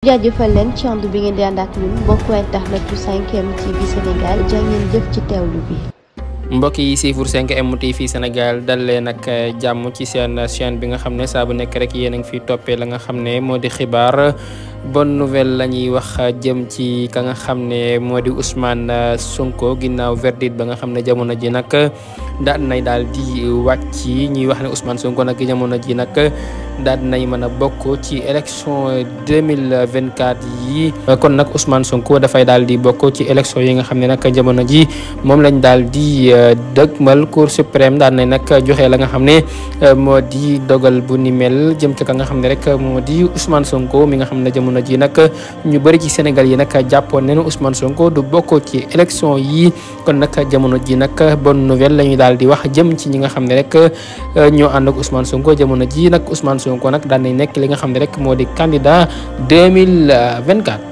jaajëfal leen ci bi ngeen di ànd ak ñun mbokku internet bu m TV Sénégal jàngeen jëf ci teewlu bi. mbokk yi siifur 5M TV Sénégal dal leen ak jàmm ci seen chaîne bi nga xam ne saa bu nekk rek yéen a ngi fiy toppee la nga xam ne moo di xibaar. bonne nouvelle la ñuy wax euh, jëm ci ka nga xam ne moo di Ousmane euh, Sonko ginnaaw verdict ba nga xam ne jamono ji nag daal nay daal di wàcc ñuy wax ne Ousmane Sonko nag jamono ji nag daal nay mën a bokk ci élection 2024 yi kon nag Ousmane Sonko dafay daal di bokk ci élection yi nga xam ne nag jamono ji moom lañ daal di euh, dëgmal Cour suprême daal nay nag joxe la nga xam ne moo di dogal bu ni mel jëm ka nga xam ne rek moo di Ousmane Sonko mi nga xam ne jamono jamono ji nag ñu bëri ci Sénégal yi nag jàppoon nañu Ousmane Sonko du bokk ci élection yi kon nag jamono ji nag bon nouvelle la ñu daal di wax jëm ci ñi nga xam ne rek euh, ñoo ànd ak Ousmane Sonko jamono ji nag Ousmane Sonko nag daan nañ nekk li nga xam ne rek moo di candidat 2024